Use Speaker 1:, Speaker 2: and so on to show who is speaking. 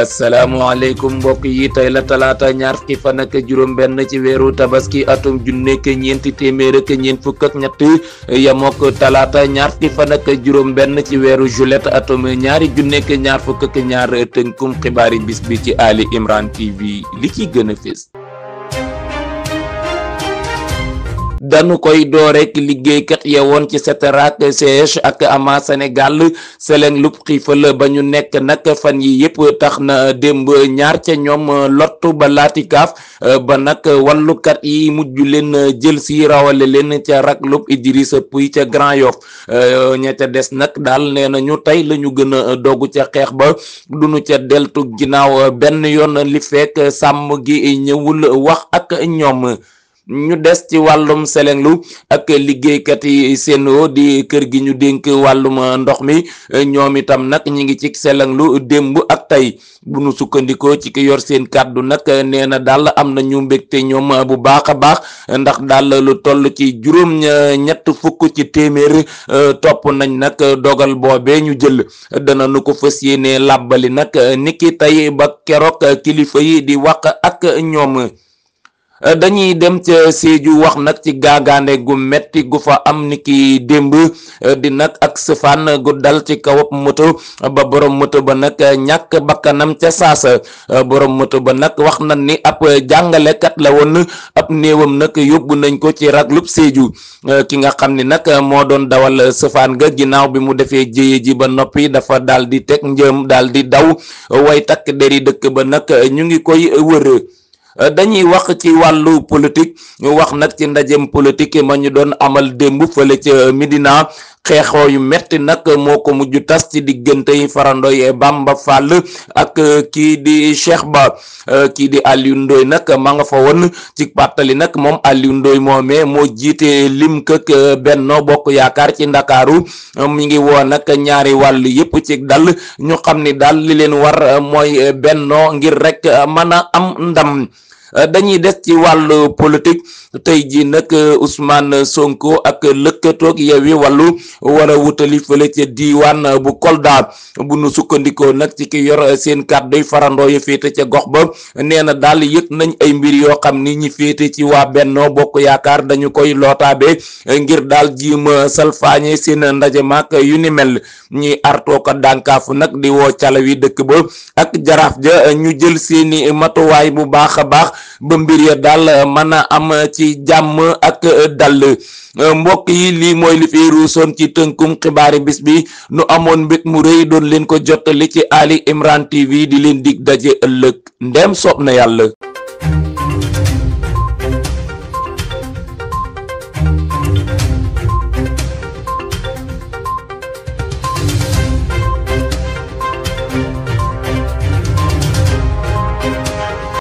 Speaker 1: asalaamaaleykum mbokk yi tey la talaata ñaar fukki fan ak juróom benn ci weeru tabaski atum junneek ñeenti téeméer ak ñeent fukk ak ñett yamook talaata ñaar fukki fan ak juróom benn ci weeru juillet atum ñaari junneek ñaar fukk ak ñaar tënkum xibaari bis bi ci Ali Imran TV li ci gën a dañu koy door rek liggéeykat ya woon ci SETRAC CH ak ama Sénégal seleng lub xiifal ba ñu nekk nag fan yi yëpp tax na démb ñaar ca ñoom lottu ba laati kaaf ba nag wallukat yi mujj leen jël si rawale leen ca rak lub Idrissa Pouy ca Grand Yoff euh, ña ca des nag daal nee na ñu tey la ñu gën a dogg ca xeex ba duñu ca deltu ginnaaw benn yoon li fekk sàmm gi ñëwul wax ak ñoom ñu des ci wàllum selenglu ak liggéeykat yi Sen'Eau di kër gi ñu dénk wàllum ndox mi ñoom itam nag ñi ngi ci selenglu démb ak tey bu nu sukkandikoo ci ki yor seen kàddu nag nee na daal am na ñu mbégte ñoom bu baax a baax ndax dàll lu toll ci juróom ñett fukk ci téeméer topp nañ nag dogal boobee ñu jël dana nu ko fas yéene làbbali nag niki tey ba kerook kilifa yi di wax ak ñoom Euh, dañuy dem ca Sédhiou wax nag ci gaagaande gu metti gu fa am ni ki démb euh, di nag ak sëfaan gu dal ci kawab moto ba borom moto ba nag ñàkk bakkanam ca saasa euh, borom moto ba nag wax na ni ab jàngalekat la woon ab néewam nag yóbbu nañ ko ci raglub Sédhiou ki nga xam ni nag moo doon dawal sëfaan ga ginnaaw bi mu defee jéye ji ba noppi dafa dal di teg njëm daal di daw way takk deri dëkk ba nag ñu ngi koy wër Euh, dañuy wax ci wàllu politique ñu wax nag ci ndajem politique ma ñu doon amal démb fële ca euh, Medina xeexoo yu metti nag moo ko mujj tas ci diggante yi farandoy Bamba Fall ak euh, kii di Cheikh Ba kii di Aliou ndoy nag ma nga fa woon ci pàttali nag moom Aliou Ndoye moomee moo jiite lim këk Benno Bokk Yaakaar ci Ndakaaru mi ngi woo nag ñaari wàll yëpp ci dal ñu xam ni dal li leen war mooy Benno ngir rek mën a am ndam Euh, dañuy des ci wàllu politique tey ji nag euh, usmaan Sonko ak lëkkatoog Yewwi Wallu war a wutali fële ca diiwaan euh, bu Kolda bu nu sukkandikoo nag ci ki yor seen kàdduy farandoo yi féete ca gox ba nee na daal yëg nañ ay mbir yoo xam ni ñi féete ci waa Benno Bokk Yaakaar dañu koy lootaabe ngir daal jiima salfaañe seen ndaje maak yu ni mel ñuy artoo ko dànkaafu nag di woo cala wi dëkk ba ak jaraaf ja ñu jël seeni matuwaay bu baax a baax ba mbir ya daal mën a am ci jàmm ak dàll mbokk yi lii mooy li fi ruusoon ci tënkum xibaari bis bi nu amoon mbit mu rëy doon leen ko jottali ci Ali Imran TV di leen dig daje ëllëg ndem soob na yàlla